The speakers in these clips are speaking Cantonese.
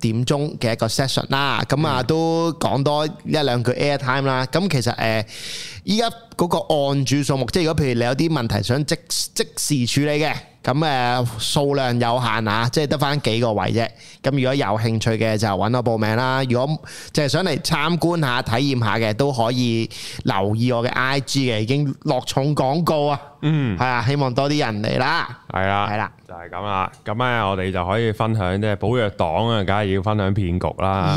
點鐘嘅一個 session 啦，咁啊都講多一兩句 airtime 啦。咁其實誒，依家嗰個案主數目，即係如果譬如你有啲問題想即即時處理嘅，咁誒數量有限啊，即係得翻幾個位啫。咁如果有興趣嘅就揾我報名啦。如果即係想嚟參觀下、體驗下嘅都可以留意我嘅 IG 嘅，已經落重廣告啊！嗯，係啊，希望多啲人嚟啦。係啦的，係啦的，就係咁啦。咁咧，我哋就可以分享即係寶藥黨啊，梗係要分享騙局啦。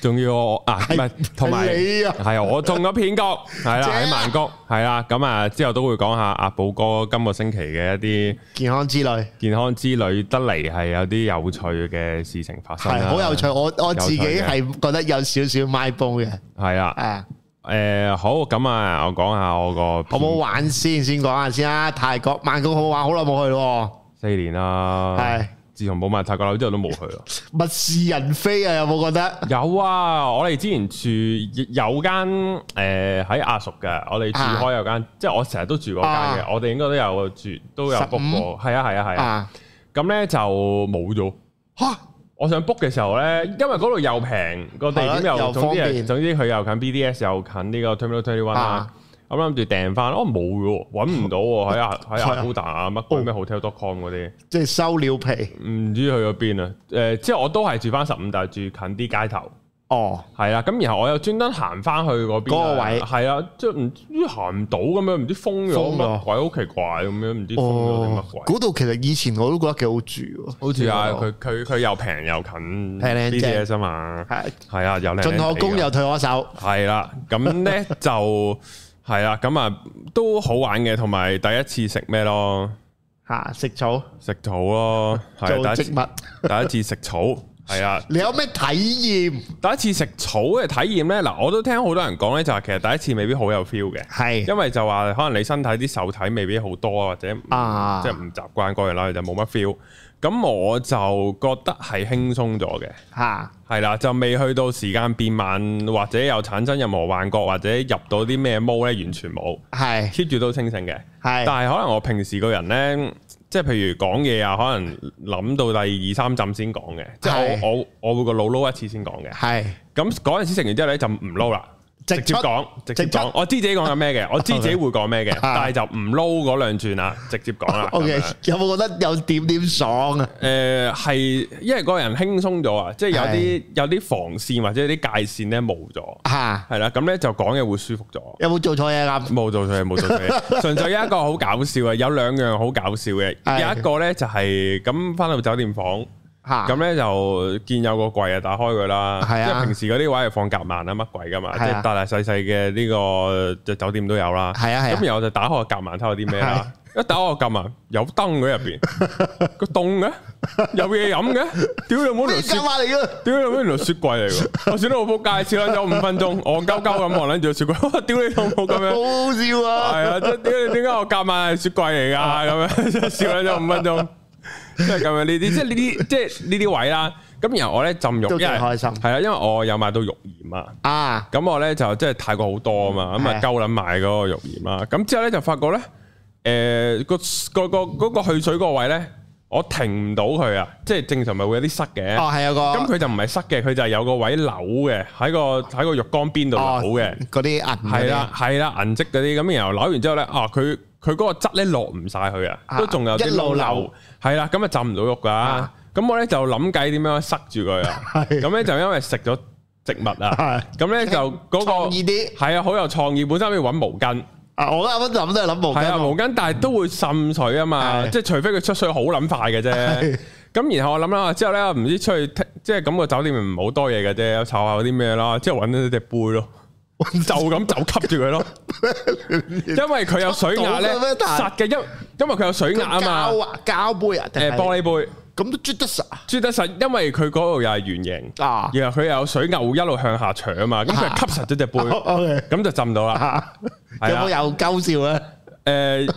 仲 Yeah, 要我啊，唔係同埋你我中咗騙局，係啦喺曼谷，係啦。咁啊，之後都會講下阿寶哥今個星期嘅一啲健康之旅。健康之旅得嚟係有啲有趣嘅事情發生。係好有趣，我我自己係覺得有少少賣報嘅。係啊的，誒。誒、呃，好，咁啊，我講下我個，好唔好玩先，先講下先啦。泰國、曼谷好玩，好耐冇去咯，四年啦，係是，自從冇買泰國樓之後都冇去咯， 物是人非啊，有冇覺得？有啊，我哋之前住有間誒喺阿叔嘅，我哋住開有間，啊、即係我成日都住嗰間嘅，啊、我哋應該都有住，都有 book 過，係啊係啊係啊，咁咧就冇咗。我想 book 嘅時候咧，因為嗰度又平，嗯、個地點又，又總之，總之佢又近 BDS，又近呢個 Terminal 21啦，咁諗住訂翻，我冇咗，搵唔到喎，喺阿喺阿 Agoda 啊，乜咩 Hotel.com 嗰啲，即係收了皮，唔知去咗邊啊？誒，即係我都係住翻十五大，住近啲街頭。哦，係啊，咁然後我又專登行翻去嗰邊，嗰個位係啊，即係唔，即係行唔到咁樣，唔知封咗乜鬼，好奇怪咁樣，唔知封咗乜鬼。嗰度其實以前我都覺得幾好住，好住啊！佢佢佢又平又近，靚正啊嘛，係係啊，又靚。進可攻又退可守，係啦，咁咧就係啦，咁啊都好玩嘅，同埋第一次食咩咯？吓，食草，食草咯，做植物，第一次食草。係啊，你有咩體驗？第一次食草嘅體驗呢，嗱，我都聽好多人講呢，就係、是、其實第一次未必好有 feel 嘅，係是，因為就話可能你身體啲受體未必好多或者，啊，即係唔習慣嗰樣啦，就冇乜 feel。咁我就覺得係輕鬆咗嘅，嚇、啊，係啦、啊，就未去到時間變慢或者又產生任何幻覺或者入到啲咩毛呢，完全冇，係 keep 住都清醒嘅，係是。但係可能我平時個人呢。即係譬如講嘢啊，可能諗到第二三浸先講嘅。即係我是的 我我會個腦撈一次先講嘅，係咁嗰陣時食完之後咧就唔撈啦。直接講，直接講，我知自己講緊咩嘅，我知自己會講咩嘅，但係就唔撈嗰兩轉啦，直接講啦。O K，有冇覺得有點點爽啊？誒，係，因為個人輕鬆咗啊，即係有啲有啲防線或者有啲界線咧冇咗，係啦，咁咧就講嘢會舒服咗。有冇做錯嘢啊？冇做錯嘢，冇做錯嘢，純粹有一個好搞笑嘅，有兩樣好搞笑嘅，有一個咧就係咁翻到酒店房。咁咧就見有個櫃啊，打開佢啦。係啊，平時嗰啲位係放夾萬啊，乜鬼噶嘛？即係大大細細嘅呢個就酒店都有啦。係啊，係咁然後就打開個夾萬睇下啲咩啦。一打開個夾萬，有燈喺入邊，個凍嘅，有嘢飲嘅。屌你冇條雪櫃嚟嘅，屌你冇條雪櫃嚟嘅。我笑到好撲街，笑咗五分鐘，憨鳩鳩咁望緊住個雪櫃。哇！屌你老母咁樣，好笑啊！係啊，點解點解我夾萬係雪櫃嚟㗎？咁樣笑緊咗五分鐘。即係咁樣呢啲，即係呢啲，即係呢啲位啦。咁然後我咧浸浴，一係開心，係啊，因為我有買到浴鹽啊。啊，咁我咧就即係太過好多啊嘛，咁啊夠捻買嗰個浴鹽啦。咁之後咧就發覺咧，誒、呃嗰個、嗰個、嗰個嗰個嗰個去水嗰個位咧，我停唔到佢啊。即係正常咪會有啲塞嘅。哦，係有個。咁佢就唔係塞嘅，佢就係有個位扭嘅，喺個喺個浴缸邊度扭嘅嗰啲銀係啦，係啦銀積嗰啲。咁然後扭完之後咧，啊佢。啊啊啊啊啊啊啊啊佢嗰個質咧落唔晒去啊，都仲有啲漏漏，係啦、啊，咁啊浸唔到肉噶。咁我咧就諗計點樣塞住佢啊。咁咧是的 就因為食咗植物啊，咁咧是的 就嗰、嗰個係啊，好有創意。本身可以揾毛巾啊，我啱啱諗都係諗毛巾，啊，毛巾但係都會滲水啊嘛，即係是的 除非佢出水好撚快嘅啫。咁是的 然後我諗啦，之後咧唔知出去，即係感覺酒店唔好多嘢嘅啫，查下啲咩啦，之後揾到隻杯咯。就咁就吸住佢咯，因為佢有水壓咧，實嘅，因因為佢有水壓啊嘛，膠杯啊，誒玻璃杯，咁都啜得實，啜得實，因為佢嗰度又係圓形啊，然後佢又有水壓會一路向下搶啊嘛，咁就吸實咗隻杯，咁就浸到啦。有冇有鳩笑咧？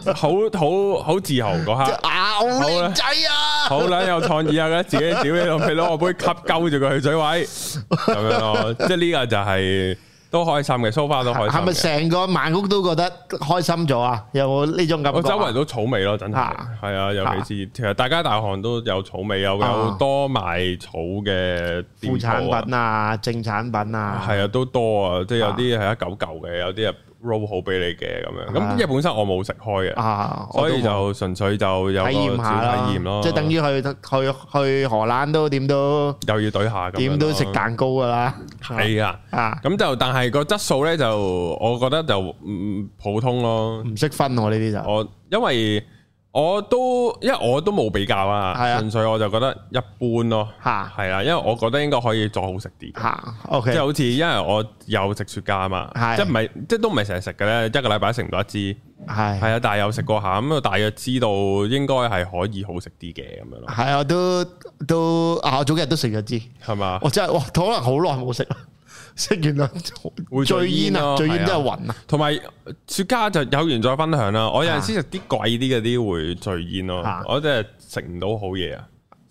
誒，好好好自豪嗰刻，牛仔啊，好啦，有創意啊，咁啊自己自己攞杯吸鈎住個水位，咁樣咯，即係呢個就係。都開心嘅，蘇花都開心。係咪成個曼谷都覺得開心咗啊？有冇呢種感覺、啊？周圍都草味咯，真係。係啊，啊，尤其是其實大家大行都有草味，啊、有好多賣草嘅、啊、副產品啊、正產品啊。係啊，都多啊，即係有啲係一嚿嚿嘅，有啲啊。roll 好俾你嘅咁樣，咁、啊、因為本身我冇食開嘅，啊、所以就純粹就有體驗下啦，體驗咯，即係等於去去去荷蘭都點都又要對下，點都食蛋糕噶啦，係啊，啊咁、啊啊、就但係個質素咧就我覺得就唔、嗯、普通咯，唔識分、啊就是、我呢啲就我因為。我都，因為我都冇比較啊，純粹我就覺得一般咯，嚇、啊，係啊，因為我覺得應該可以再好食啲，嚇、啊、OK，即係好似因為我有食雪茄啊嘛，啊即係唔係，即係都唔係成日食嘅咧，啊、一個禮拜食唔到一支，係、啊，係啊，但係有食過下，咁我大約知道應該係可以好食啲嘅咁樣咯，係啊，我都都啊，我早幾日都食咗支，係嘛吧，我真係哇，可能好耐冇食。食完啦，會醉煙啊，醉煙真係暈啊。同埋雪茄就有緣再分享啦。我有陣食啲貴啲嗰啲會醉煙咯，啊、我真係食唔到好嘢啊，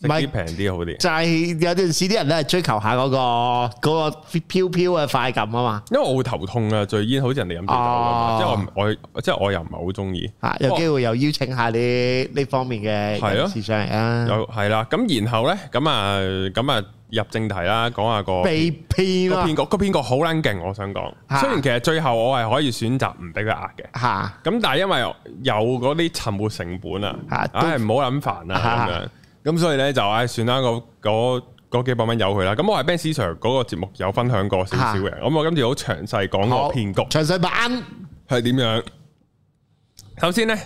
食啲平啲好啲。就係有陣時啲人咧追求下嗰、嗰個嗰、嗰個飄飄嘅快感啊嘛。因為我會頭痛啊，醉煙好似人哋飲啤酒咁、啊，即係我我即係我又唔係好中意。啊，有機會又邀請下啲呢方面嘅人士上嚟啊。又係啦，咁然後咧，咁啊，咁啊。 入正題啦，講下個騙局。個騙局好撚勁，我想講。雖然其實最後我係可以選擇唔俾佢呃嘅。嚇！咁但係因為有嗰啲沉沒成本啊，唉唔好諗煩啊咁樣。咁所以咧就唉算啦，嗰嗰嗰幾百蚊由佢啦。咁我喺 Ben Sir 嗰個節目有分享過少少嘅。咁我今次好詳細講個騙局，詳細版係點樣？首先咧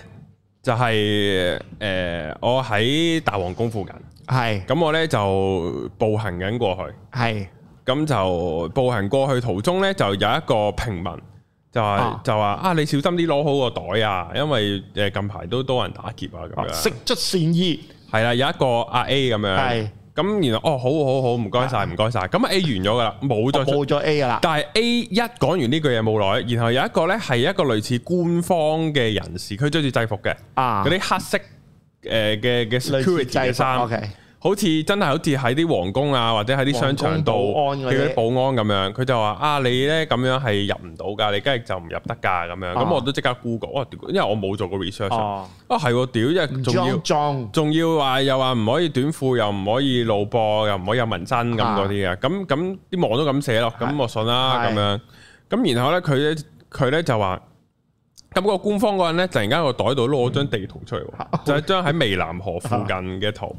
就係誒我喺大皇宮附近。係，咁我咧就步行緊過去。係，咁就步行過去途中咧，就有一個平民就話就話啊，你小心啲攞好個袋啊，因為誒近排都多人打劫啊咁樣。釋出善意，係啦，有一個阿 A 咁樣。係，咁然後哦，好好好，唔該晒，唔該晒。咁啊 A 完咗噶啦，冇再冇咗 A 噶啦。但係 A 一講完呢句嘢冇耐，然後有一個咧係一個類似官方嘅人士，佢着住制服嘅啊，嗰啲黑色。誒嘅嘅 security 好似真係好似喺啲皇宮啊，或者喺啲商場度叫啲保安咁、啊、樣,樣，佢、哦、就話啊你咧咁樣係入唔到噶，你梗係就唔入得噶咁樣，咁我都即刻 Google，因為我冇做過 research，哦、啊，係喎屌，因為仲要仲要話又話唔可以短褲，又唔可以露波，又唔可以有紋身咁嗰啲嘅，咁咁啲網都咁寫咯，咁我信啦咁樣，咁然後咧佢咧佢咧就話。咁個官方嗰陣咧，突然間個袋度攞張地圖出嚟，就係張喺湄南河附近嘅圖。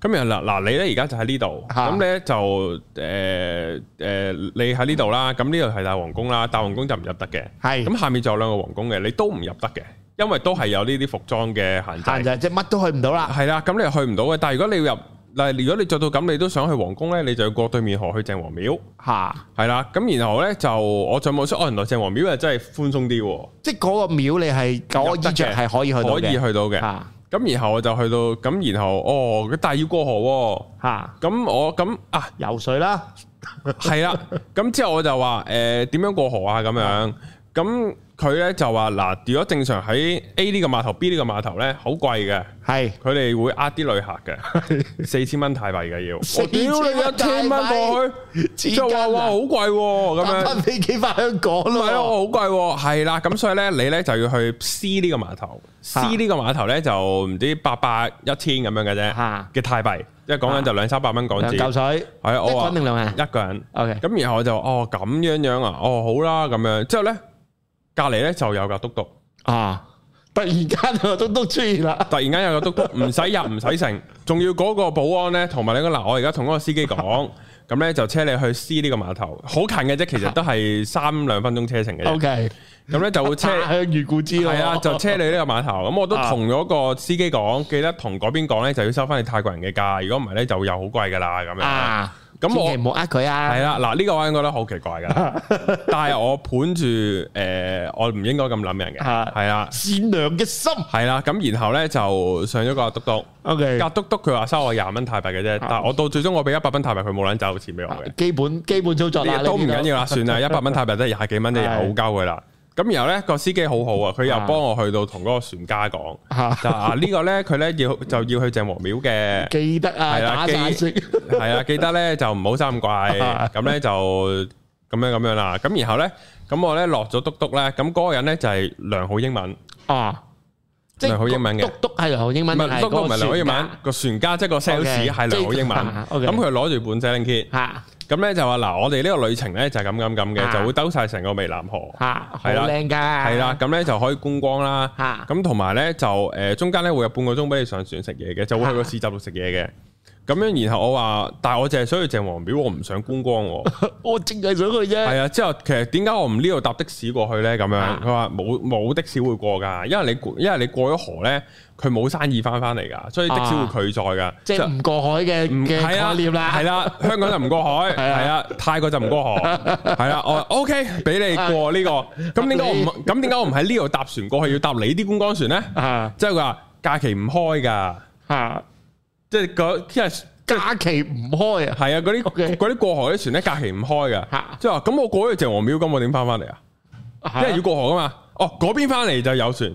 咁然後嗱嗱，你咧而家就喺呢度，咁你咧就誒誒，你喺呢度啦。咁呢度係大皇宮啦，大皇宮就唔入得嘅。係，咁下面就兩個皇宮嘅，你都唔入得嘅，因為都係有呢啲服裝嘅限制。係就係即係乜都去唔到啦。係啦，咁你又去唔到嘅。但係如果你要入嗱，如果你着到咁，你都想去皇宮咧，你就要過對面河去鄭王廟，吓的，係啦。咁然後咧就，我再冇出。哦，原來鄭王廟又真係寬鬆啲，即係嗰個廟你係個衣着係可以去到嘅。可以去到嘅。咁的然後我就去到，咁然後哦，但係要過河，哦，吓的。咁我咁啊游水啦，係啦說。咁 之後我就話誒，點、呃、樣過河啊？咁樣咁。佢咧就話嗱，如果正常喺 A 呢個碼頭、B 呢個碼頭咧，好貴嘅。係，佢哋會呃啲旅客嘅，四千蚊泰幣嘅，要我屌你一千蚊過去，就話哇好貴喎，咁樣俾幾百香港咯。啊，好貴喎，係啦。咁所以咧，你咧就要去 C 呢個碼頭，C 呢個碼頭咧就唔知八百一千咁樣嘅啫嘅泰幣，即係講緊就兩三百蚊港紙。夠使？係啊，我話一個人。O K。咁然後我就哦咁樣樣啊，哦好啦咁樣，之後咧。隔籬咧就有個嘟嘟啊！突然間有個嘟嘟出現啦，突然間有個嘟嘟，唔使入唔使乘，仲要嗰個保安咧，同埋咧嗱，我而家同嗰個司機講，咁咧 就車你去 C 呢個碼頭，好近嘅啫，其實都係三兩分鐘車程嘅。O K，咁咧就會車去御故之咯，係 啊，就車你呢個碼頭。咁 我都同咗個司機講，記得同嗰邊講咧，就要收翻你泰國人嘅價，如果唔係咧，就會有好貴噶啦咁樣。 咁我唔好呃佢啊！係啦，嗱呢個我應該都好奇怪噶，但係我盤住誒，我唔應該咁諗人嘅，係啊，善良嘅心，係啦，咁然後咧就上咗個督督。ok 隔督督，佢話收我廿蚊泰幣嘅啫， 但係我到最終我俾一百蚊泰幣，佢冇卵找錢俾我嘅，基本基本操作都唔緊要啦， 算啦，一百蚊泰幣得廿幾蚊， 你好交噶啦。 咁然後咧個司機好好啊，佢又幫我去到同嗰個船家講，啊呢個咧佢咧要就要去鄭和廟嘅，記得啊，係啊記得咧就唔好三咁怪，咁咧就咁樣咁樣啦。咁然後咧，咁我咧落咗嘟嘟咧，咁嗰個人咧就係良好英文，哦，良好英文嘅，督督係良好英文，督督唔係良好英文，個船家即係個 sales 係良好英文，咁佢攞住本寫令篋。咁咧就話嗱，我哋呢個旅程咧就係咁咁咁嘅，啊、就會兜晒成個湄南河，嚇、啊，好靚㗎，係啦、啊，咁咧就可以觀光啦，嚇、啊，咁同埋咧就誒、呃、中間咧會有半個鐘俾你上船食嘢嘅，就會去個市集度食嘢嘅。啊啊。咁樣，然後我話，但係我淨係想去鄭王廟，我唔想觀光、啊。 我淨係想去啫。係啊，之後其實點解我唔呢度搭的士過去咧？咁樣佢話冇冇的士會過噶，因為你因為你過咗河咧，佢冇生意翻翻嚟噶，所以的士會拒載噶。即係唔過海嘅，唔係以不啊，概念啦。係啦、啊，香港就唔過海，係 啊，啊，泰國就唔過河，係 啊，我 OK，俾你過呢、這個。咁點解我唔咁點解我唔喺呢度搭船過去，要搭你啲觀光船咧？啊，即係佢話假期唔開噶。啊。 即係假期唔開啊！係 Okay. 啊，嗰啲嗰啲過河啲船咧，假期唔開噶，即係話咁我過咗鄭王廟，咁我點翻翻嚟啊？即係、啊、要過河啊嘛！哦，嗰邊翻嚟就有船，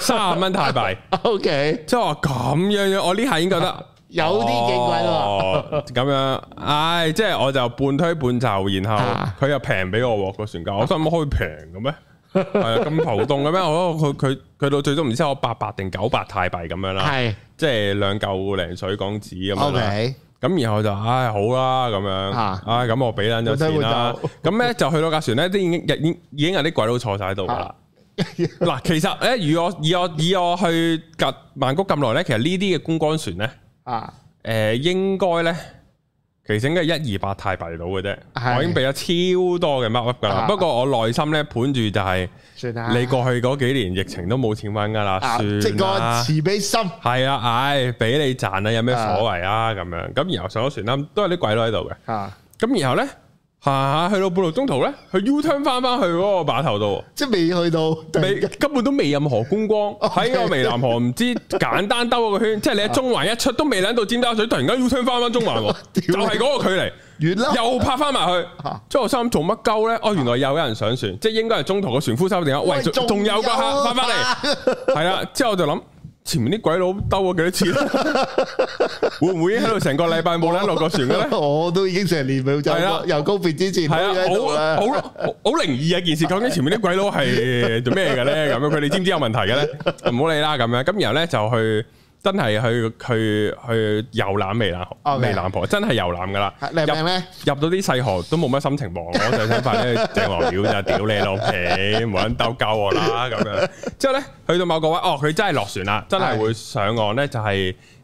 卅蚊泰幣。O K，即係話咁樣樣，我呢下已經覺得、啊哦、有啲幾貴咯。咁、哦、樣、唉、哎、即、就、係、是、我就半推半就，然後佢又平俾我個船價，我心諗可以平嘅咩？.係啊，咁浮動嘅咩？我佢佢佢到最終唔知我八百定九百泰幣咁樣啦，係是即係兩嚿零水港紙咁啦。咁 Okay. 然後就唉、哎、好啦咁樣，唉咁、啊哎、我俾翻咗錢啦、啊。咁咧就去到架船咧，都已經日已已經有啲鬼佬坐晒喺度噶啦。嗱、啊， 其實誒，以我以我以我去吉曼谷咁耐咧，其實呢啲嘅觀光船咧啊誒，應該咧。其實應該係一二八泰幣到嘅啫，的我已經俾咗超多嘅 mark up 噶啦。的不過我內心咧盤住就係、是，了你過去嗰幾年疫情都冇錢搵噶啦，啊、了即係個慈悲心係、哎、啊，唉的，俾你賺啊，有咩所謂啊？咁樣咁然後上咗船啦，都係啲鬼佬喺度嘅，咁的然後咧。吓、啊、去到半路中途咧，佢 U turn 翻翻去嗰個碼頭度，即係未去到，未根本都未任何觀光喺個湄南河，唔知簡單兜個圈， 即係你喺中環一出都未諗到尖膠水，突然間 U turn 翻翻中環， 就係嗰個距離 來又拍翻埋去。之 後心諗做乜鳩咧？哦、啊，原來又有人上船，即係應該係中途個船夫收電話，喂，仲有個客，翻翻嚟，係啦。之後我就諗。前面啲鬼佬兜咗幾多次？ 會唔會喺度成個禮拜冇捻落個船嘅咧？我都已經成年冇走啦。啊、由告別之前，係啊，好，好，好靈異啊！件事究竟前面啲鬼佬係做咩嘅咧？咁樣佢哋知唔知有問題嘅咧？唔好理啦。咁樣咁然後咧就去。真係去去去遊覽湄南湄南河，婆 Okay. 真係遊覽噶啦。入咩？入到啲細河都冇乜心情望，我就想快啲整黃表，就屌你老皮，冇 人鬥救我啦咁樣。之後咧去到某個位，哦，佢真係落船啦，真係會上岸咧，就係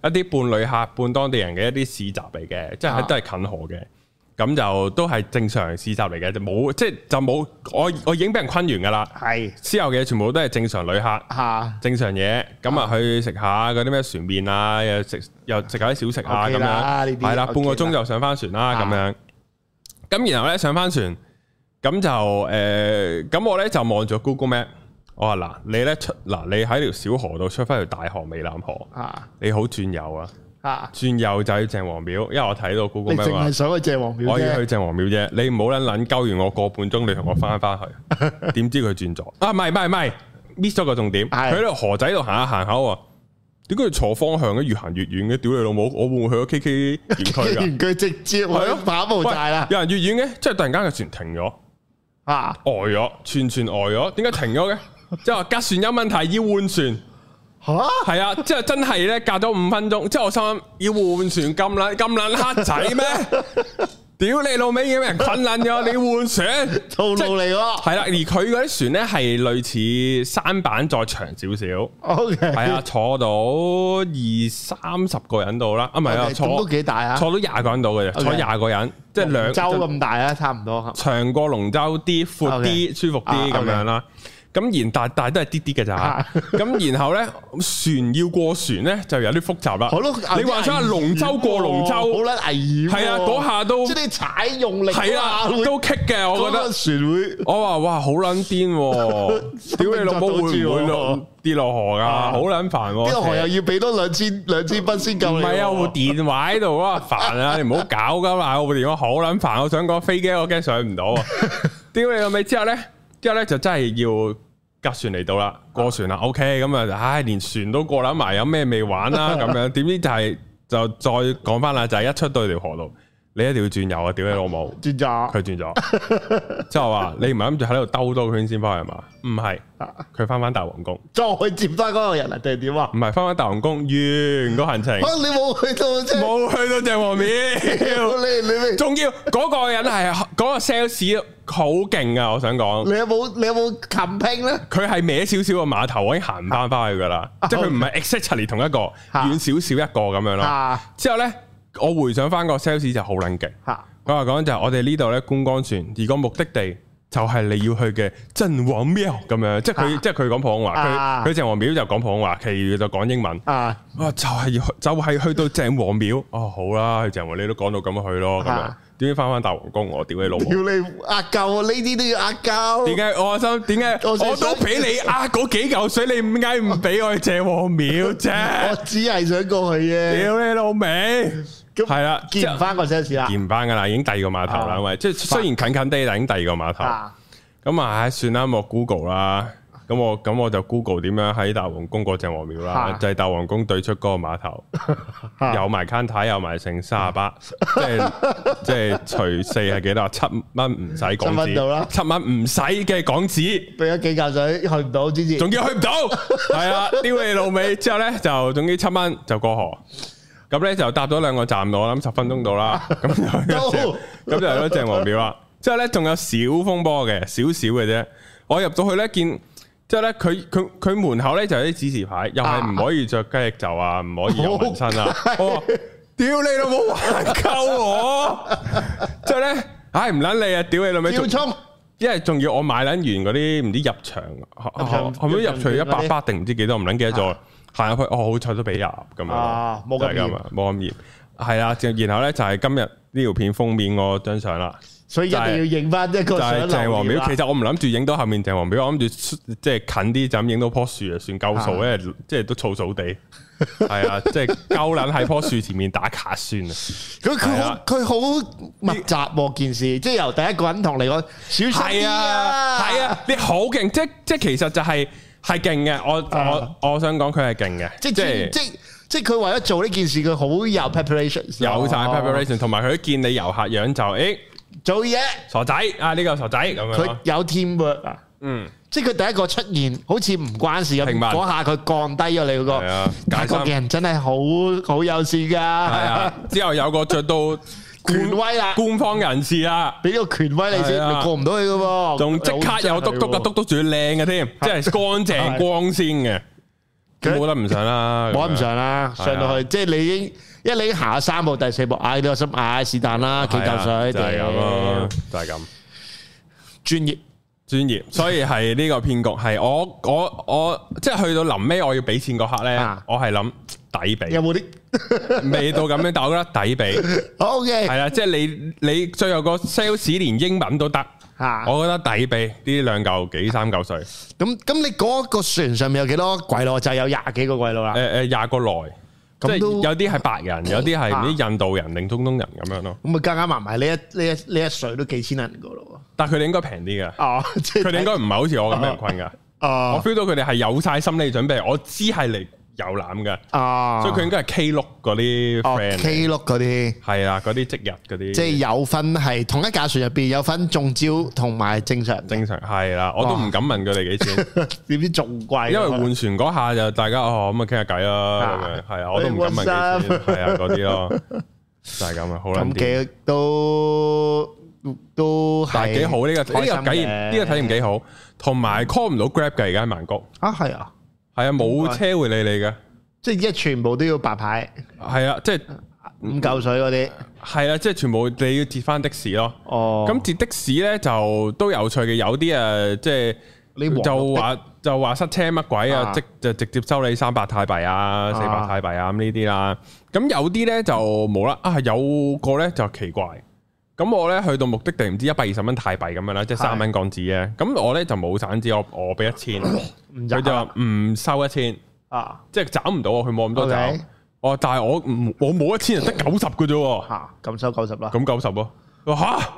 一啲半旅客半當地人嘅一啲市集嚟嘅，即係都係近河嘅。咁就都係正常市集嚟嘅，就冇即係就冇我我已經俾人昆完噶啦。係是之後嘅全部都係正常旅客，吓、啊、正常嘢。咁啊去食下嗰啲咩船麵船啊，又食又食下啲小食啊，咁樣係啦，半個鐘就上翻船啦，咁樣。咁然後咧上翻船，咁就誒，咁我咧就望住 Google Map，我話嗱，你咧出嗱，你喺條小河度出翻條大河，大河湄南河啊，你好轉右啊！啊！轉右就去鄭王廟，因為我睇到 Google 咩話，我要去鄭王廟啫。你唔好撚撚鳩完我個半鐘，你同我翻翻去。點知佢轉左？啊，唔係唔係唔係，miss 咗個重點。佢喺度河仔度行下行口啊，點解要坐方向嘅？越行越遠嘅，屌你老母！我會唔會去咗 K K 園區噶？園區直接去跑步寨啦。有人越遠嘅，即係突然間個船停咗啊，呆咗，串串呆咗，點解停咗嘅？即係話隔船有問題，要換船。吓，係啊蛤，即係、就是、真係咧，隔咗五分鐘，即係我心諗要換船咁冷咁冷黑仔咩？ 屌你老味，要俾人困冷咗，你換船套路嚟喎。係啦、就是，而佢嗰啲船咧係類似舢板，再長少少。O Okay 係啊，啊，坐到二三十個人度啦。啊唔係啊，坐都幾大啊，坐到廿個人度嘅啫，坐廿 Okay, 個人，即係兩舟咁大啊，差唔多，長過龍舟啲，闊啲，okay, 啊 okay. 舒服啲咁樣啦。咁然但但都係啲啲嘅咋，咁然後咧船要過船咧就有啲複雜啦。我都你話想係龍舟過龍舟，好撚危險，係啊，嗰下都即啲踩用力，係啊，都棘嘅。我覺得船會，我話哇，好撚癲，屌你老母會唔會跌落河啊？好撚煩，跌落河又要俾多兩千兩千蚊先夠。唔係啊，部電話喺度啊，煩啊，你唔好搞噶嘛，部電話好撚煩。我想講飛機，我驚上唔到啊！屌你老味之後咧。之後咧就真係要隔船嚟到啦，過船啦、啊，OK，咁、嗯、啊，唉、哎，連船都過啦，埋有咩未玩啦、啊，咁樣，點知就係、是、就再講翻啦，就係、是、一出到條河度。你一定要轉右啊！屌你老母，轉左了，佢轉左，即係話你唔係諗住喺度兜多個圈先翻去係嘛？唔係，佢翻翻大皇宮， 再接翻嗰個人啊？定係點啊？唔係，翻翻大皇宮完個行程， 你冇去到，即冇去到鄭王廟。你你仲要嗰個人係嗰、嗰個 sales 好勁啊！我想講，你有冇你有冇 camping 咧？佢係歪少少個碼頭我已經行翻翻去噶啦， 即係佢唔係 exactly 同一個遠少少一個咁樣咯。之後咧。我回想翻個 sales 就好冷極，佢話講就我哋呢度咧觀光船，而個目的地就係你要去嘅鄭王廟咁樣，即係佢即係佢講普通話，佢佢鄭王廟就講普通話，其餘就講英文啊，啊就係要就係去到鄭王廟，哦好啦，去鄭王你都講到咁去咯，咁點知翻返大皇宮我屌你老屌你壓鳩，呢啲都要壓鳩，點解我心點解我都俾你壓嗰幾嚿水，你點解唔俾我去鄭王廟啫？我只係想過去啫，屌你老味！係啦，見唔返個寫字樓，見唔返噶啦，已經第二個碼頭啦，因即係雖然近近地，但已經第二個碼頭。咁啊，算啦，莫 Google 啦，咁我咁我就 Google 點樣喺大皇宮過鄭王廟啦，就係大皇宮對出嗰個碼頭，有埋 counter 有埋剩三廿八，即係即係除四係幾多啊？七蚊唔使港紙啦，七蚊唔使嘅港紙，俾咗幾架水去唔到，總之，總之去唔到，係啊，屌你老味之後咧，就總之七蚊就過河。咁咧就搭咗兩個站到，我諗十分鐘到啦。咁就一隻，咁就係咯鄭王廟啦。之後咧仲有小風波嘅，少少嘅啫。我入到去咧見，之後咧佢佢佢門口咧就有啲指示牌，又係唔可以着雞翼袖啊，唔可以有紋身啊。屌你老母，救我！之後咧，唉唔捻你啊，屌你老味！要衝，因為仲要我買捻完嗰啲唔知入場，係咪入場一百花定唔知幾多，唔捻記得咗。行入去，哦，好彩都俾入咁樣啊，冇咁嚴，冇咁嚴，係啦、啊，然後咧就係、是、今日呢條片封面嗰張相啦，所以一定要影翻一個。就係鄭王廟，其實我唔諗住影到後面鄭王廟，我諗住即係近啲就咁影到棵樹啊，算夠數咧，即係都嘈嘈地，係啊，即係夠捻喺棵樹前面打卡算 它啊。佢佢好，佢好密集喎、啊、件事，即係由第一個人同你講小心啲，係啊，係啊，你好勁，即即係其實就係、就是。就是就是就是係勁嘅，我我我想講佢係勁嘅，即係即係即係佢為咗做呢件事，佢好有 preparation 有晒 preparation 同埋佢見你遊客樣就，誒，做嘢，傻仔啊，呢個傻仔，佢有 teamwork 啊，嗯，即係佢第一個出現，好似唔關事咁，嗰下佢降低咗你嗰個泰國人，真係好好有事噶，之後有個着到。權威啦，官方人士啦，俾個權威你先，你過唔到去噶喎。仲即刻又督篤啊，督篤住靚嘅添，即係乾淨光鮮嘅。佢冇得唔上啦，冇得唔上啦，上到去即係你已經因為，你已經行咗三步第四步，嗌到有心嗌，是但啦，幾舊水，就係咁，專業。專業，所以係呢個騙局係我我我即係去到臨尾我要俾錢嗰刻咧，啊、我係諗抵俾，有冇啲味道咁樣？但我覺得抵俾 O K 係啦，即係你你最後個 sales 連英文都得，啊、我覺得抵俾，呢兩嚿幾三嚿水。咁咁你嗰個船上面有幾多鬼佬？就有廿幾個鬼佬啦。誒誒、呃，廿、呃、個內。即係有啲係白人，啊、有啲係啲印度人定、啊、中東人咁樣咯。咁咪加加埋埋呢一呢一呢一歲都幾千人噶咯。但係佢哋應該平啲嘅。哦，即係，佢哋應該唔係好似我咁樣困噶。啊、哦，我 feel 到佢哋係有晒心理準備。我知係嚟。有攬噶，啊、所以佢應該係 K 六嗰啲 friend，K 六嗰啲係啊，嗰啲即日嗰啲，即係有分係同一架船入邊有分中招同埋正，正常，正常係啦，我都唔敢問佢哋幾錢，點、哦、 知仲貴，因為換船嗰下就大家哦咁啊傾下偈啦，係啊，我都唔敢問佢哋，係啊嗰啲咯， 就係咁啊，好啦，都都係幾好呢個呢個體驗，呢個體驗幾好，同埋 call 唔到 grab 嘅而家喺曼谷啊，係啊。係啊，冇車會理你嘅，即係一全部都要白牌。係啊，即係五舊水嗰啲。係啊，即係全部你要截翻的士咯。哦，咁截的士咧就都有趣嘅，有啲誒、啊，即係你就話就話塞車乜鬼啊，即、啊、就直接收你三百泰幣啊，四百泰幣啊咁、啊啊、呢啲啦。咁有啲咧就冇啦。啊，有個咧就奇怪。咁我咧去到目的地唔知一百二十蚊泰幣咁樣啦，即係三蚊港紙啊！咁 Okay. 我咧就冇散紙，我我俾一千，佢就話唔收一千啊，即係找唔到佢冇咁多斬。哦，但係我我冇一千，得九十嘅啫。吓，咁收九十啦。咁九十咯。話吓，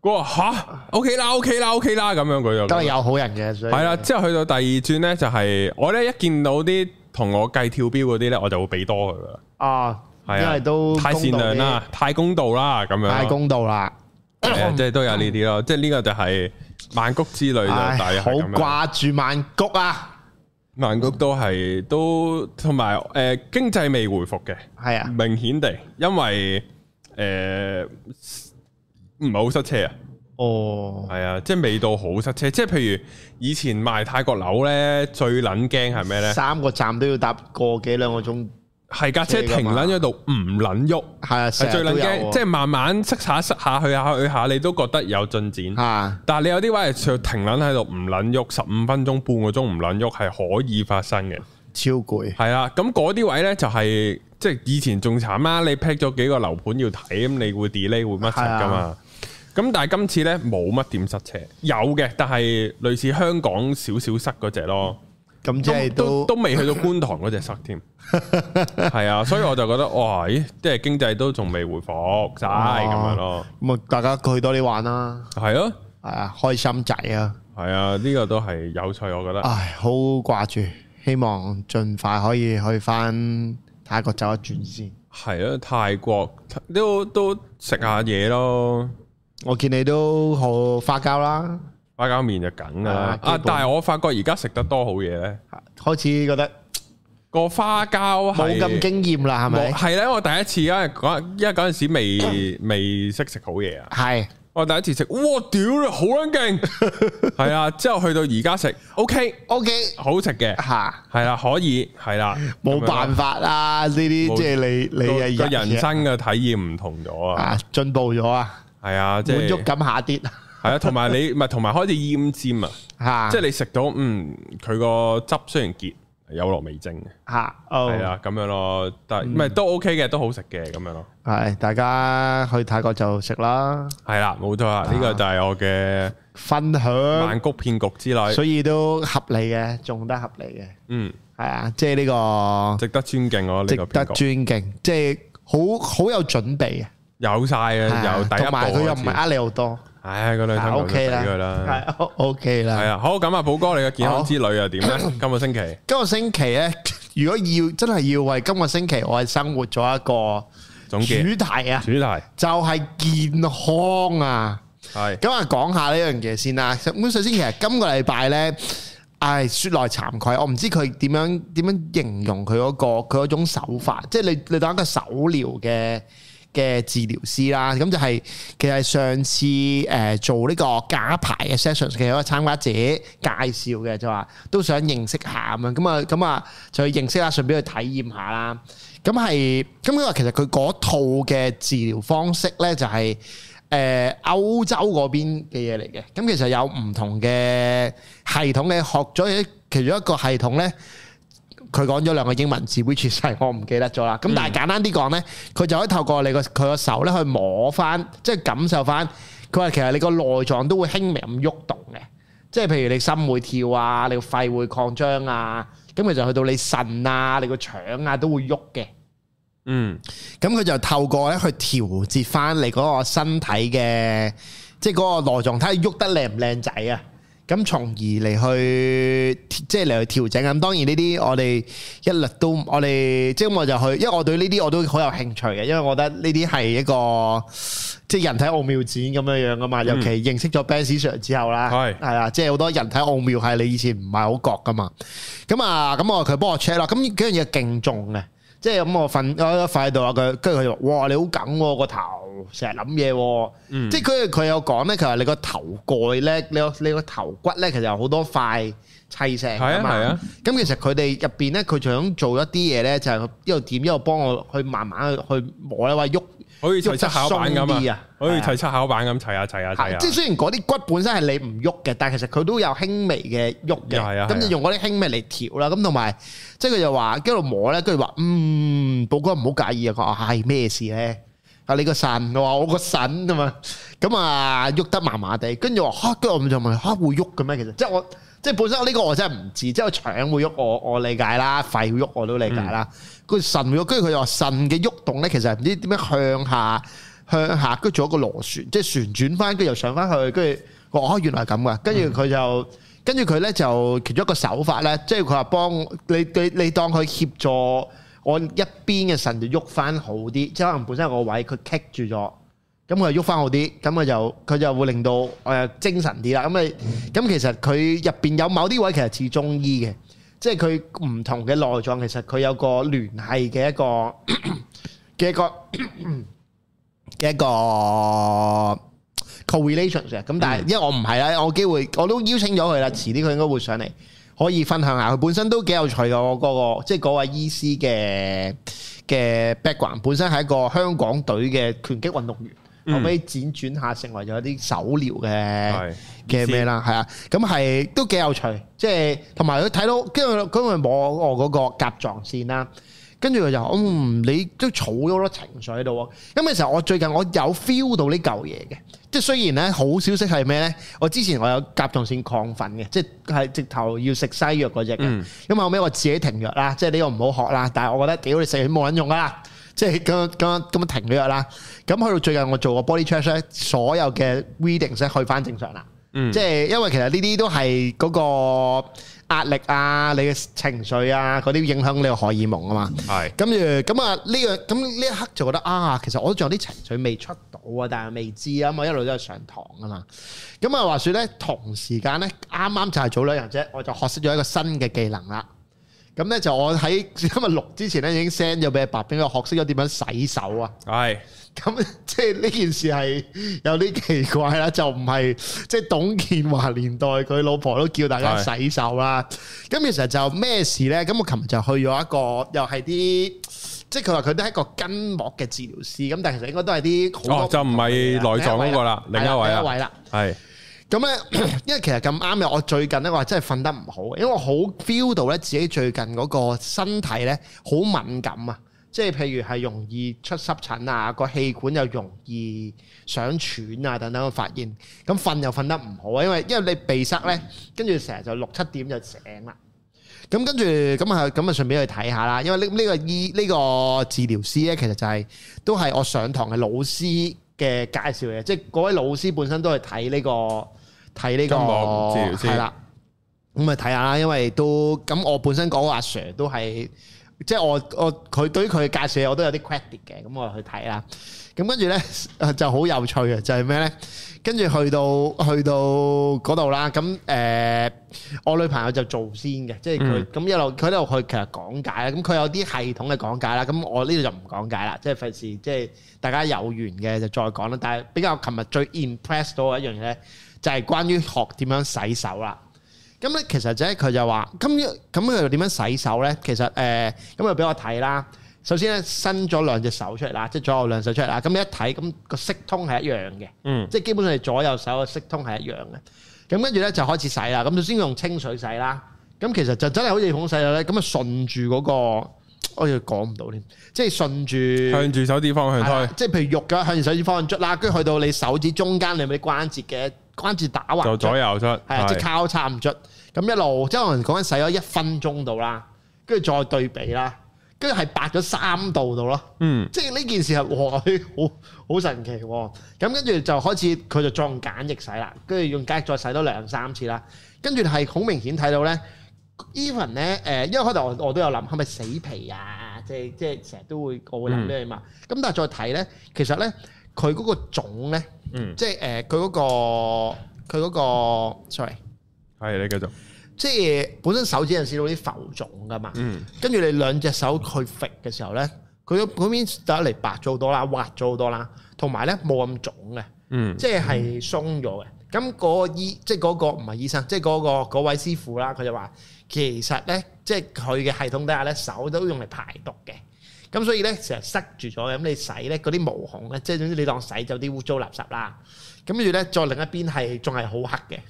我吓、啊、，OK 啦，OK 啦，OK 啦，咁、okay、樣佢就樣都係有好人嘅，所以係啦。之後去到第二轉咧，就係、是、我咧一見到啲同我計跳錶嗰啲咧，我就會俾多佢啦。啊。係啊，因為都太善良啦，太公道啦，咁樣，太公道啦，即係都有呢啲咯，即係呢個就係曼谷之類就係唉好掛住曼谷啊，曼谷都係都同埋誒經濟未回復嘅，係啊，明顯地，因為誒唔係好塞車、哦、啊，哦，係啊，即係未到好塞車，即、就、係、是、譬如以前賣泰國樓咧，最捻驚係咩咧？三個站都要搭個幾兩個鐘。係架車停撚喺度唔撚喐，係啊，成日都有、啊、即係慢慢塞下塞下去下去下去，你都覺得有進展。啊、但係你有啲位就停撚喺度唔撚喐，十五分鐘、半個鐘唔撚喐，係可以發生嘅，超攰累。係啊，咁嗰啲位呢、就係，就係即係以前仲慘啊！你擗咗幾個樓盤要睇，咁你會 delay 會乜柒噶嘛？咁、啊、但係今次呢，冇乜點塞車，有嘅，但係類似香港少少塞嗰隻咯。咁即係都都，都未去到觀塘嗰隻塞添，係 啊，所以我就覺得哇，咦，即係經濟都仲未回復曬咁、啊、樣咯。咁啊，大家去多啲玩啦，係咯、啊，係啊，開心仔啊，係啊，呢、這個都係有趣，我覺得。唉、哎，好掛住，希望盡快可以去返泰國走一轉先。係啊，泰國泰都都食下嘢咯。我見你都好花膠啦。花膠麵就梗噶，啊！但係我發覺而家食得多好嘢咧，開始覺得個花膠冇咁驚艷啦，係咪？係咧，我第一次啊，因為嗰陣時未未識食好嘢啊，係我第一次食，哇！屌好撚勁，係啊！之後去到而家食，O K O K，好食嘅吓，係啦，可以係啦，冇辦法啦，呢啲即係你你嘅人生嘅體驗唔同咗啊，進步咗啊，係啊，即係滿足感下跌。係啊，同埋你唔係同埋開始醃尖啊，即係你食到嗯，佢個汁雖然結，有落味精嘅吓，係啊咁樣咯，但唔係都 OK 嘅，都好食嘅咁樣咯。係大家去泰國就食啦。係啦，冇錯啊，呢個就係我嘅分享。曼谷騙局之類，所以都合理嘅，仲得合理嘅。嗯，係啊，即係呢個值得尊敬我，值得尊敬，即係好好有準備嘅，有晒嘅，有底，同埋佢又唔係呃你好多。唉，個女生都俾佢啦。係 O，OK 啦。係啊，好咁啊，寶哥，你嘅健康之旅又點咧？今個星期，今個星期咧，如果要真係要為今個星期我係生活咗一個總結主題啊，主題就係健康啊。係，咁我講下呢樣嘢先啦。咁首先，其實今個禮拜咧，唉，說來慚愧，我唔知佢點樣點樣形容佢嗰個佢嗰種手法，即係你你當一個手療嘅。嘅治療師啦，咁就係、是、其實上次誒、呃、做呢個家排嘅 sessions 嘅一個參加者介紹嘅，就話、是、都想認識下咁樣，咁啊咁啊就去認識下，順便去體驗下啦。咁係咁因為其實佢嗰套嘅治療方式咧，就係、是、誒、呃、歐洲嗰邊嘅嘢嚟嘅。咁其實有唔同嘅系統嘅學咗，其中一個系統咧。佢講咗兩個英文字，which 係我唔記得咗啦。咁但係簡單啲講呢，佢就可以透過你個佢個手咧去摸翻，即係感受翻。佢話其實你個內臟都會輕微咁喐動嘅，即係譬如你心會跳啊，你個肺會擴張啊。咁其實就去到你腎啊，你個腸啊都會喐嘅。嗯，咁佢就透過咧去調節翻你嗰個身體嘅，即係嗰個內臟睇下喐得靚唔靚仔啊！咁從而嚟去即係嚟去調整咁，當然呢啲我哋一律都我哋即係我就去，因為我對呢啲我都好有興趣嘅，因為我覺得呢啲係一個即係、就是、人體奧妙展咁樣樣噶嘛，嗯、尤其認識咗 Ben Sir 之後啦，係係啊，即係好多人體奧妙係你以前唔係好覺噶嘛，咁啊咁我佢幫我 check 啦，咁幾樣嘢勁重嘅。即係咁我瞓，我喺度瞓度啊！佢跟住佢話：哇！你好緊喎、啊，個頭成日諗嘢喎。啊嗯、即係佢佢有講咧，其實你個頭蓋咧，你你個頭骨咧，其實好多塊砌成㗎嘛。咁、啊啊、其實佢哋入邊咧，佢想做一啲嘢咧，就係、是、一路點一路幫我去慢慢去摸一話喐。可以砌七巧板咁啊，可以砌七巧板咁，砌下砌下砌下。即係、啊、雖然嗰啲骨本身係你唔喐嘅，但係其實佢都有輕微嘅喐嘅。咁、啊、就用嗰啲輕微嚟調啦。咁同埋即係佢就話跟住摸咧，跟住話嗯，寶哥唔好介意、哎、啊。佢話係咩事咧？啊你個腎，我話我個腎啊嘛。咁啊喐得麻麻地，跟住話，跟住我咪就問，吓、啊、會喐嘅咩？其實即係我。即係本身呢個我真係唔知，即係腸會喐我，我理解啦；肺會喐我都理解啦。佢腎喐，跟住佢又話腎嘅喐動咧，動動其實唔知點樣向，向下、向下，跟住做一個螺旋，即係旋轉翻，跟住又上翻去，跟住哦，原來係咁噶。跟住佢就跟住佢咧就其中一個手法咧，即係佢話幫你你你當佢協助我一邊嘅腎就喐翻好啲，即係可能本身個位佢棘住咗。.咁佢又喐翻好啲，咁佢就佢就會令到我又精神啲啦。咁咪咁其實佢入邊有某啲位其實似中醫嘅，即係佢唔同嘅內臟其實佢有個聯繫嘅一個嘅一個嘅一個 correlation 嘅。咁但係因為我唔係啦，我機會我都邀請咗佢啦，遲啲佢應該會上嚟可以分享下，佢本身都幾有趣嘅，我嗰個即係嗰位醫師嘅嘅 background，本身係一個香港隊嘅拳擊運動員。後尾輾轉下，成為咗啲手療嘅嘅咩啦，係啊，咁係都幾有趣，即係同埋佢睇到，跟住佢咪摸我嗰個甲狀腺啦，跟住佢就，嗯，你都儲咗好多情緒喺度。咁嘅時候我最近我有 feel 到呢嚿嘢嘅，即係雖然咧好消息係咩咧，我之前我有甲狀腺亢奮嘅，即係係直頭要食西藥嗰隻嘅。咁後尾我自己停藥啦，即係呢個唔好學啦，但係我覺得屌你食都冇卵用啦。即係咁咁咁停咗藥啦，咁去到最近我做個 body check 咧，ash, 所有嘅 readings 咧去翻正常啦。嗯，即係因為其實呢啲都係嗰個壓力啊、你嘅情緒啊嗰啲影響你個荷爾蒙啊嘛。係是。跟住咁啊，呢、呢個咁呢一刻就覺得啊，其實我都仲有啲情緒未出到啊，但係未知啊，我一路都係上堂啊嘛。咁啊話說咧，同時間咧，啱啱就係早兩日啫，我就學識咗一個新嘅技能啦。咁咧就我喺今日錄之前咧已經 send 咗俾白兵，個學識咗點樣洗手啊！係是，咁即係呢件事係有啲奇怪啦，就唔係即係董建華年代佢老婆都叫大家洗手啦、啊。咁其實就咩事咧？咁我琴日就去咗一個，又係啲即係佢話佢都係一個筋膜嘅治療師。咁但係其實應該都係啲、哦、就唔係內臟嗰個啦，另一位啦，係。咁咧、嗯，因為其實咁啱嘅，我最近咧，我真係瞓得唔好，因為我好 feel 到咧自己最近嗰個身體咧好敏感啊，即係譬如係容易出濕疹啊，個氣管又容易想喘啊等等，發現咁瞓又瞓得唔好啊，因為因為你鼻塞咧，跟住成日就六七點就醒啦。咁跟住咁啊咁啊，就順便去睇下啦。因為呢呢個醫呢、呢個治療師咧，其實就係、係、都係我上堂嘅老師。嘅介紹嘅，即係嗰位老師本身都係睇呢個睇呢個係啦，咁咪睇下啦，因為都咁我本身講阿 Sir 都係。即係我我佢對於佢嘅介紹，我都有啲 credit 嘅，咁我去睇啦。咁跟住咧，就好有趣嘅，就係咩咧？跟住去到去到嗰度啦。咁誒、呃，我女朋友就做先嘅，即係佢咁一路佢一路去其實講解啦。咁佢有啲系統嘅講解啦。咁我呢度就唔講解啦，即係費事即係大家有緣嘅就再講啦。但係比較琴日最 impress 到一樣嘢咧，就係、是、關於學點樣洗手啦。咁咧其實啫，佢就話咁咁佢又點樣洗手咧？其實誒咁就俾我睇啦。首先咧，伸咗兩隻手出嚟啦，即係左右兩隻手出嚟啦。咁你一睇咁個色通係一樣嘅，嗯，即係基本上係左右手嘅色通係一樣嘅。咁跟住咧就開始洗啦。咁就先用清水洗啦。咁其實就真係好似捧洗咗咧。咁啊順住嗰個，我要講唔到添，即係順住向住手指方向拖。即係譬如肉嘅向住手指方向捽啦，跟住、嗯、去到你手指中間，你咪關節嘅關節打橫。就左右捽係對即係交叉唔捽。咁一路即係我哋講緊洗咗一分鐘度啦，跟住再對比啦，跟住係白咗三度度咯。嗯，即係呢件事係哇，哎、好好神奇喎、哦！咁跟住就開始佢就用鹼液洗啦，跟住用鹼液再洗多兩三次啦，跟住係好明顯睇到咧。Even 咧，誒，因為開頭我我都有諗，係咪死皮啊？就是、即係即係成日都會我會諗、嗯、呢啲嘛。咁但係再睇咧，其實咧佢嗰個總咧，嗯、即係誒佢嗰個佢嗰、嗰個，sorry。嗯係你繼續，即係本身手指有時有啲浮腫噶嘛，跟住、嗯、你兩隻手去揈嘅時候咧，佢嗰嗰邊得嚟白咗好多啦，滑咗好多啦，同埋咧冇咁腫嘅，嗯、即係鬆咗嘅。咁、那、嗰個醫，即係嗰個唔係醫生，即係嗰、那個那個那個位師傅啦，佢就話其實咧，即係佢嘅系統底下咧，手都用嚟排毒嘅。咁所以咧成日塞住咗嘅。咁你洗咧嗰啲毛孔咧，即係總之你當洗咗啲污糟垃圾啦。咁跟住咧，再另一邊係仲係好黑嘅。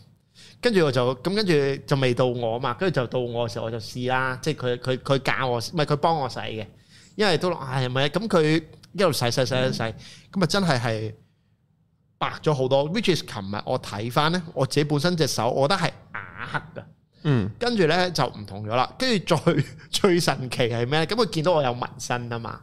跟住我就咁，跟住就未到我嘛，跟住就到我嘅時候，我就試啦。即係佢佢佢教我，唔係佢幫我洗嘅，因為都係咪？係咁佢一路洗洗洗洗，咁啊真係係白咗好多。which is 琴日我睇翻咧，我自己本身隻手，我覺得係啞黑嘅，嗯，跟住咧就唔同咗啦。跟住最最神奇係咩咧？咁佢見到我有紋身啊嘛。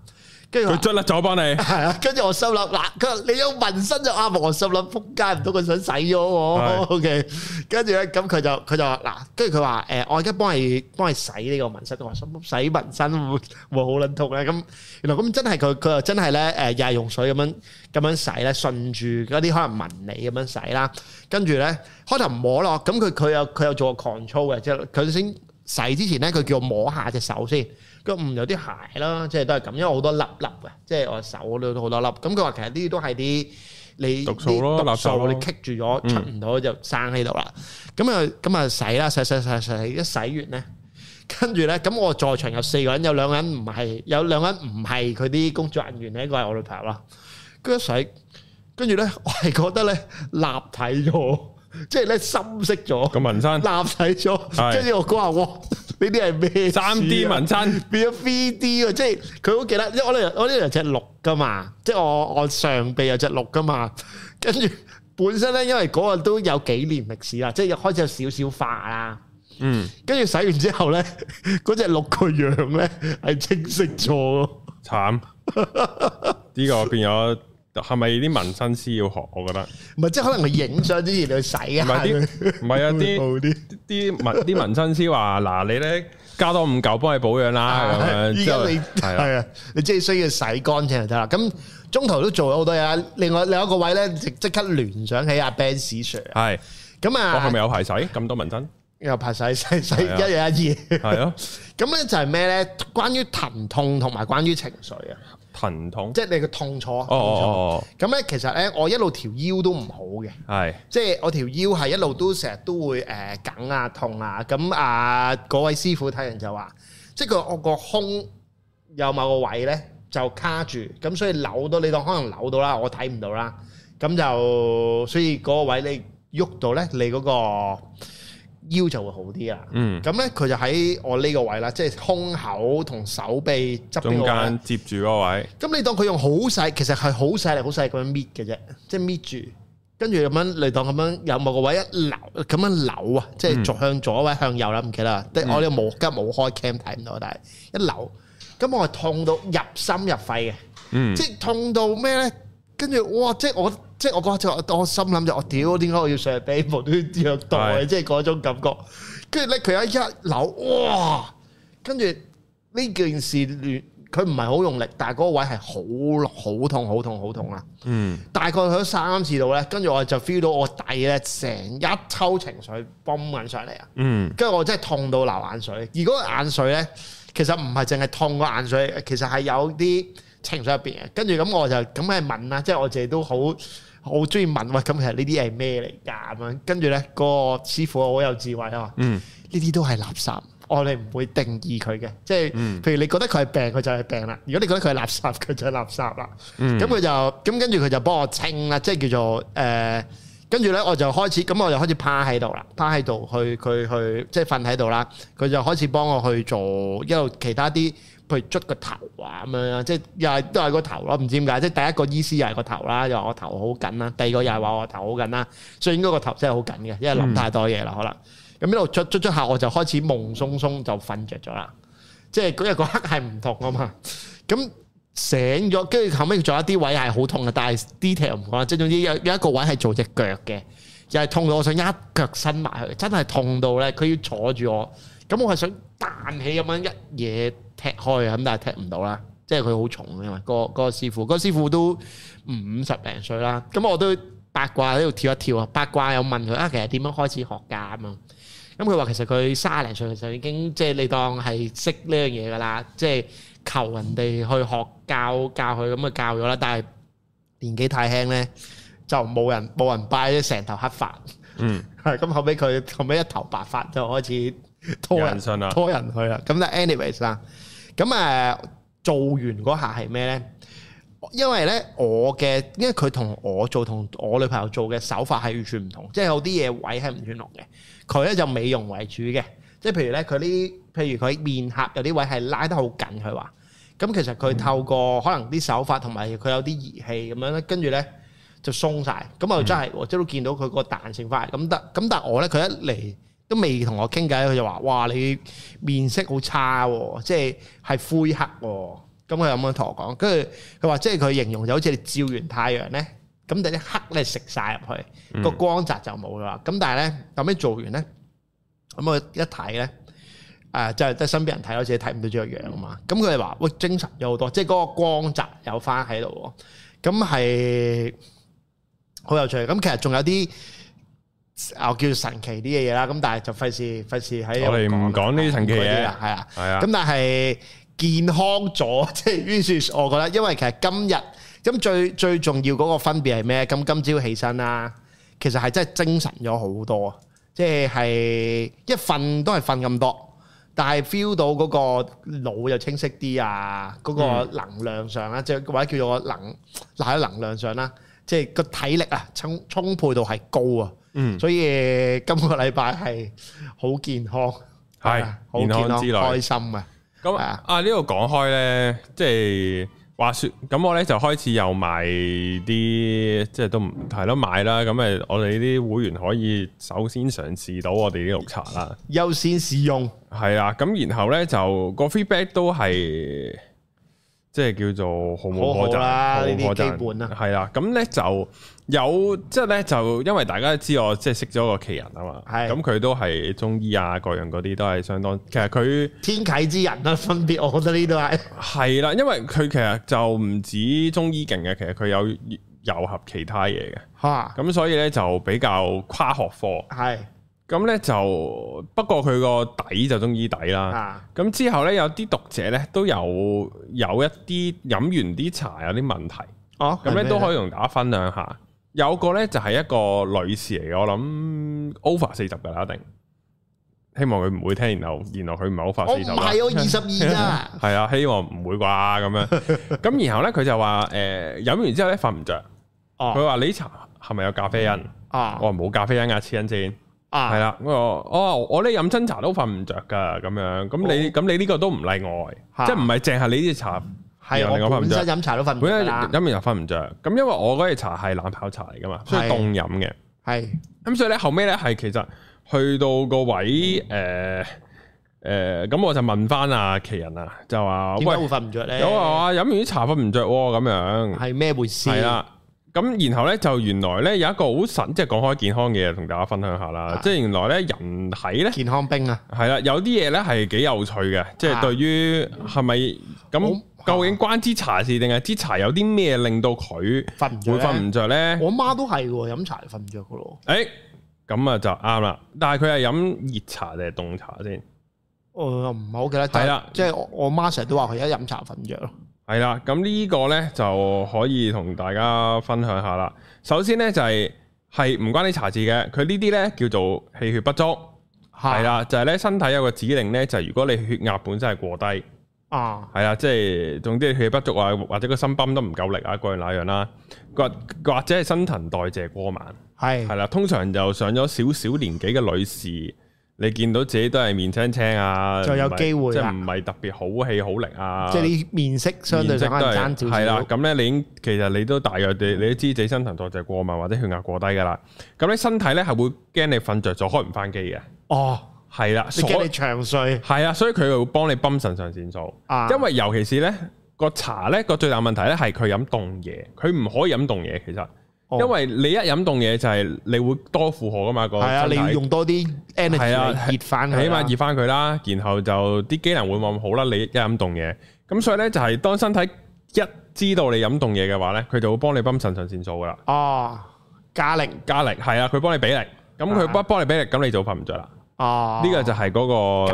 跟住佢捽甩走翻你，係啊！跟住我心諗嗱，佢話你有紋身就啱，我心諗仆街唔到佢想洗咗我。O K，跟住咧咁佢就佢就嗱，跟住佢話誒，我而家幫你幫你洗呢個紋身。我話洗紋身會會好撚痛咧。咁原來咁真係佢佢又真係咧誒，又係用水咁樣咁樣洗咧，順住嗰啲可能紋理咁樣洗啦。跟住咧開頭唔摸咯，咁佢佢有佢有做個抗操嘅，即係佢先洗之前咧，佢叫我摸下隻手先。咁唔有啲鞋啦，即係都係咁，因為好多粒粒嘅，即係我手都好多粒。咁佢話其實呢啲都係啲你毒素咯，垃圾你棘住咗，出唔到就生喺度啦。咁啊咁啊洗啦，洗洗洗洗，一洗完咧，跟住咧，咁我在場有四個人，有兩個人唔係，有兩個人唔係佢啲工作人員咧，呢個係我女朋友啦。跟住洗，跟住咧，我係覺得咧立體咗，即係咧深色咗。咁紋身立體咗，跟住我講話我。呢啲係咩？三 D 文身，變咗三 D 啊！即係佢好記得，因為我呢我呢度係隻鹿噶嘛，即係我我上臂有隻鹿噶嘛，跟住本身咧，因為嗰個都有幾年歷史啦，即係開始有少少化啦。嗯，跟住洗完之後咧，嗰隻鹿個樣咧係清晰咗咯，慘慘！呢 個我變咗。係咪啲紋身師要學？我覺得唔係，即係可能佢影相啲嘢去洗啊！唔係啊，啲啲啲紋啲紋身師話：嗱，你咧加多五嚿，幫你保養啦。咁樣，依家你係啊，你即係需要洗乾淨就得啦。咁中途都做咗好多嘢。另外，另一個位咧，即即刻聯想起阿 Ben Sir。係咁啊，我係咪有排洗咁多紋身？又排洗洗洗一日一夜。係咯。咁咧就係咩咧？關於疼痛同埋關於情緒啊。疼痛，即係你個痛楚。哦，咁咧、oh. 其實咧，我一路條腰都唔好嘅，係、oh.，即係我條腰係一路都成日都會誒梗、呃、啊痛啊，咁啊嗰位師傅睇人就話，即係佢我個胸有某個位咧就卡住，咁所以扭到你度可能扭到啦，我睇唔到啦，咁就所以嗰個位你喐到咧，你嗰個。腰就會好啲啦。嗯，咁咧佢就喺我呢個位啦，即係胸口同手臂側邊中間接住嗰個位。咁你當佢用好細，其實係好細力、好細咁樣搣嘅啫，即係搣住，跟住咁樣嚟當咁樣有冇個位一扭咁樣扭啊，即係向左、向右啦，唔記得啦。但我呢冇，今日冇開 cam 睇唔到，但係一扭，咁我係痛到入心入肺嘅，嗯、即係痛到咩咧？跟住哇，即係我即係我嗰陣，我，我，我心諗就我屌，點解我要上去？俾佢都要虐待？對 即係嗰種感覺。跟住咧，佢一一樓哇，跟住呢件事亂，佢唔係好用力，但係嗰個位係好好痛、好痛、好痛啊！痛痛嗯，大概響三次度咧，跟住我就 feel 到我底咧成一抽情緒泵緊上嚟啊！嗯，跟住我真係痛到流眼水。而嗰個眼水咧，其實唔係淨係痛個眼水，其實係有啲。清咗入邊啊！跟住咁我就咁係問啦，即係我自己都好好中意問，喂，咁其實呢啲係咩嚟噶？咁樣跟住咧，個師傅好有智慧啊！嗯，呢啲都係垃圾，我哋唔會定義佢嘅，即係譬如你覺得佢係病，佢就係病啦；如果你覺得佢係垃圾，佢就係垃圾啦。嗯，咁佢就咁，跟住佢就幫我清啦，即係叫做誒，跟住咧我就開始咁，我就開始趴喺度啦，趴喺度去佢去，即係瞓喺度啦。佢就開始幫我去做一路其他啲。佢捽個頭啊，咁樣即係又係都係個頭咯，唔知點解，即係第一個醫師又係個頭啦，又話我頭好緊啦，第二個又係話我頭好緊啦，所以應該個頭真係好緊嘅，因為諗太多嘢啦，可能咁一路捽捽捽下，我就開始夢鬆鬆就瞓着咗啦，即係嗰日嗰刻係唔同啊嘛，咁醒咗，跟住後尾仲有一啲位係好痛嘅，但係 detail 唔講啦，即係總之有有一個位係做隻腳嘅，又係痛到我想一腳伸埋去，真係痛到咧，佢要坐住我，咁我係想彈起咁樣一嘢。踢開啊，咁但係踢唔到啦，即係佢好重啊嘛。嗰個、嗰個師傅，嗰個師傅都五十零歲啦。咁我都八卦喺度跳一跳啊，八卦又問佢啊，其實點樣開始學架啊嘛。咁佢話其實佢卅零歲嘅時候已經即係你當係識呢樣嘢噶啦，即係求人哋去學教教佢，咁啊教咗啦。但係年紀太輕咧，就冇人冇人拜，即成頭黑髮。嗯，係咁 後尾，佢後尾一頭白髮就開始拖人，人信拖人去啦。咁就 anyways 啦。咁誒、嗯、做完嗰下係咩咧？因為咧我嘅，因為佢同我做，同我女朋友做嘅手法係完全唔同，即係有啲嘢位係唔同嘅。佢咧就美容為主嘅，即係譬如咧佢啲，譬如佢面頰有啲位係拉得好緊，佢話，咁其實佢透過可能啲手法同埋佢有啲儀器咁樣咧，跟住咧就鬆晒。咁啊真係，嗯、即係都見到佢個彈性返嚟，咁得，咁但係我咧佢一嚟。都未同我傾偈，佢就話：哇！你面色好差喎，即係係灰黑喎。咁佢有冇同我講？跟住佢話：即係佢形容就好似你照完太陽咧，咁啲黑咧食晒入去，個光澤就冇啦。咁但係咧，後尾做完咧，咁我一睇咧，誒即係得身邊人睇咯，自己睇唔到隻樣啊嘛。咁佢哋話：喂、欸，精神有好多，即係嗰個光澤有返喺度。咁係好有趣。咁其實仲有啲。又叫神奇啲嘅嘢啦，咁但係就費事費事喺我哋唔講呢啲神奇嗰啲啊，係啊，係啊，咁但係健康咗，即係於是我覺得，因為其實今日咁最最重要嗰個分別係咩？咁今朝起身啦，其實係真係精神咗好多，即係一瞓都係瞓咁多，但係 feel 到嗰個腦又清晰啲啊，嗰個能量上咧，即係或者叫做能嗱喺能量上啦，即係個體力啊充充沛度係高啊。嗯，所以、呃、今個禮拜係好健康，係是、啊、健康，健康之樂類開心啊！咁那啊啊講呢度講開咧，即係話說，咁我咧就開始又賣啲，即係都唔係咯買啦，咁誒我哋啲會員可以首先嘗試到我哋啲綠茶啦，優先試用係啊，咁然後咧就、那個 feedback 都係。即係叫做好冇可讚，好可讚半啦。係啦，咁咧、啊啊、就有即係咧，就因為大家都知我即係識咗個奇人啊嘛。係是，咁佢都係中醫啊，各樣嗰啲都係相當。其實佢天啟之人啦、啊，分別我覺得呢都係係啦，因為佢其實就唔止中醫勁嘅，其實佢有糅合其他嘢嘅。吓、啊，咁所以咧就比較跨學科。係。咁咧 就不過佢個底就中意底啦。咁、啊、之後咧有啲讀者咧都有有一啲飲完啲茶有啲問題。哦、啊，咁咧都可以同大家分享下。啊、有個咧就係一個女士嚟嘅，我諗 over 四十嘅啦，一定希望佢唔會聽。然後然後佢唔係 over 四十，係我二十二啊。係 啊,啊，希望唔會啩咁樣。咁 然後咧佢就話誒飲完之後咧瞓唔着。哦，佢話、啊、你茶係咪有咖啡因、嗯？啊，我話冇咖啡因啊，黐因先。係啦，我我我咧飲親茶都瞓唔着噶，咁樣咁你咁你呢個都唔例外，即係唔係淨係你啲茶，係我本身飲茶都瞓唔着，飲完又瞓唔着。咁因為我嗰啲茶係冷泡茶嚟噶嘛，所以凍飲嘅。係咁所以咧後尾咧係其實去到個位誒誒，咁我就問翻阿奇人啊，就話點解會瞓唔着咧？有啊，飲完啲茶瞓唔着咁樣，係咩回事？係啦。咁然後咧就原來咧有一個好神，即係講開健康嘅嘢同大家分享下啦。是即係原來咧人體咧健康兵啊，係啦，有啲嘢咧係幾有趣嘅。即係的對於係咪咁究竟關支茶事定係支茶有啲咩令到佢瞓唔會瞓唔着咧？我媽都係喎，飲茶瞓唔着㗎咯。誒咁啊就啱、是、啦。但係佢係飲熱茶定係凍茶先？哦，唔係，我記得係啦。即係我我媽成日都話佢而家飲茶瞓唔着咯。係啦，咁呢個咧就可以同大家分享下啦。首先咧就係係唔關你查字嘅，佢呢啲咧叫做氣血不足，係啦蛤，就係、是、咧身體有個指令咧，就係、是、如果你血壓本身係過低啊，係啊，即、就、係、是，總之氣血不足啊，或者個心泵都唔夠力啊，各樣那樣啦，或或者係新陳代謝過慢，係係啦，通常就上咗少少年紀嘅女士。你見到自己都係面青青啊，就有機會，即係唔係特別好氣好靈啊，即係啲面色相對上係爭少少。係啦，咁咧、啊嗯、你已經其實你都大約你你都知自己新陳代謝過慢或者血壓過低㗎啦。咁你身體咧係會驚你瞓着咗開唔翻機嘅。哦，係啦、啊，所以長睡係啊，所以佢會幫你泵腎上腺素、啊、因為尤其是咧個茶咧個最大問題咧係佢飲凍嘢，佢唔可以飲凍嘢其實。因為你一飲凍嘢就係你會多負荷噶嘛，個係啊，體身體，你要用多啲 energy 嚟熱翻佢，起碼熱翻佢啦。然後就啲機能會冇咁好啦。你一飲凍嘢，咁所以咧就係、是、當身體一知道你飲凍嘢嘅話咧，佢就會幫你泵腎上腺素噶啦。哦，加力，加力，係啊，佢幫你俾力，咁佢不幫你俾力，咁你就瞓唔着啦。哦，呢個就係嗰、那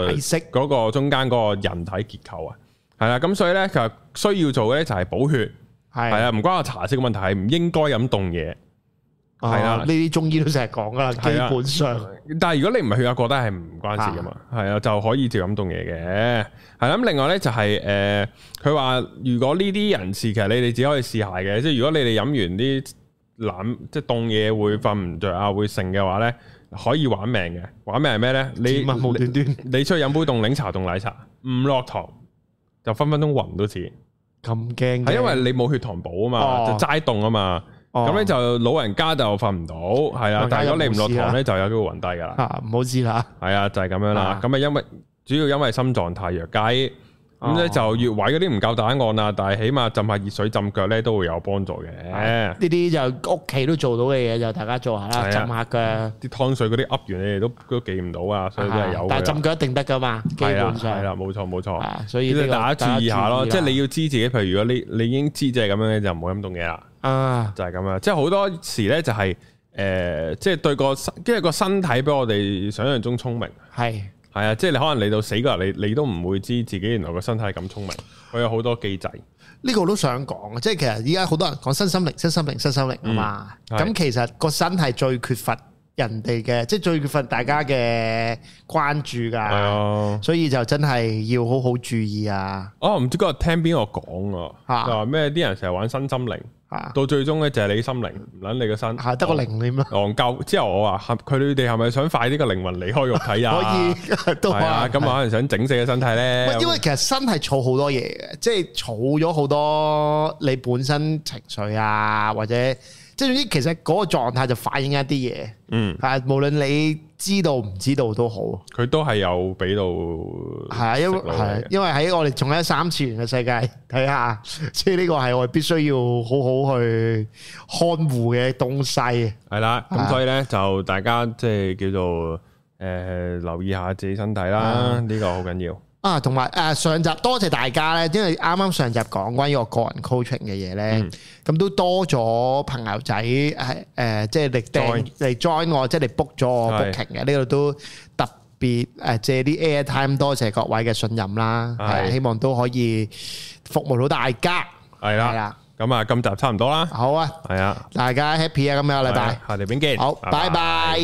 個解釋釋，嗰個中間嗰個人體結構啊，係啦。咁所以咧，其實需要做嘅咧就係補血。係啊，唔關個茶色嘅問題，係唔應該飲凍嘢。係、哦、啊，呢啲中醫都成日講噶，啊、基本上。但係如果你唔係血壓過低，係唔關我事噶嘛。係啊，啊，就可以照飲凍嘢嘅。係咁、啊，另外咧就係、是、誒，佢、呃、話如果呢啲人士，其實你哋只可以試下嘅。即、就、係、是、如果你哋飲完啲冷，即係凍嘢會瞓唔着啊，會醒嘅話咧，可以玩命嘅。玩命係咩咧？你問無端端，端你出去飲杯凍檸茶、凍奶茶，唔落糖就分分鐘暈都似。咁驚係因為你冇血糖補啊嘛，oh. 就齋凍啊嘛，咁咧、oh. 就老人家就瞓唔到，係啦、啊。但係如果你唔落糖咧，就有機會暈低噶啦。唔、啊、好知啦。係啊，就係、是、咁樣啦。咁啊，因為主要因為心臟太弱雞。咁咧就穴位嗰啲唔夠打按啦，但係起碼浸下熱水浸腳咧都會有幫助嘅。呢啲就屋企都做到嘅嘢，就大家做下啦，浸下腳。啲湯水嗰啲噏完你哋都都記唔到啊，所以都係有。但係浸腳一定得噶嘛，基本上係啦，冇錯冇錯。所以大家注意下咯，即係你要知自己。譬如如果你你已經知即係咁樣咧，就唔好飲凍嘢啦。啊，就係咁樣。即係好多時咧就係誒，即係對個即係個身體比我哋想象中聰明。係。係啊，即係你可能嚟到死嗰日，你你都唔會知自己原來個身體咁聰明，我有好多機製，呢個我都想講，即係其實而家好多人講身心靈、身心靈、身心靈啊嘛。咁、嗯、吧其實個身係最缺乏人哋嘅，即係最缺乏大家嘅關注噶。的所以就真係要好好注意啊。哦，唔知嗰日聽邊個講噶，的就話咩啲人成日玩身心靈。到最終咧，就係你心靈唔撚你個身，係得個靈念。啊！戇鳩、啊啊、之後我話，佢哋係咪想快啲個靈魂離開肉體啊？ 可以，都可以。咁我可能想整死個身體咧。因為其實身係儲好多嘢嘅，即係儲咗好多你本身情緒啊，或者。即係總之，其實嗰個狀態就反映一啲嘢，係、嗯啊、無論你知道唔知道都好，佢都係有俾到。係啊，因為因為喺我哋仲係三次元嘅世界睇下，所以呢個係我哋必須要好好去看護嘅東西。係啦、嗯，咁所以咧的就大家即係、就是、叫做誒、呃、留意下自己身體啦，呢、嗯、個好緊要。啊，同埋誒上集多謝大家咧，因為啱啱上集講關於我個人 coaching 嘅嘢咧，咁都多咗朋友仔係誒，即係嚟 join 嚟 join 我，即係嚟 book 咗我 booking 嘅，呢度都特別誒借啲 airtime，多謝各位嘅信任啦，係希望都可以服務到大家，係啦，係啦，咁啊今集差唔多啦，好啊，係啊，大家 happy 啊，咁樣禮拜，下邊見，好，拜拜。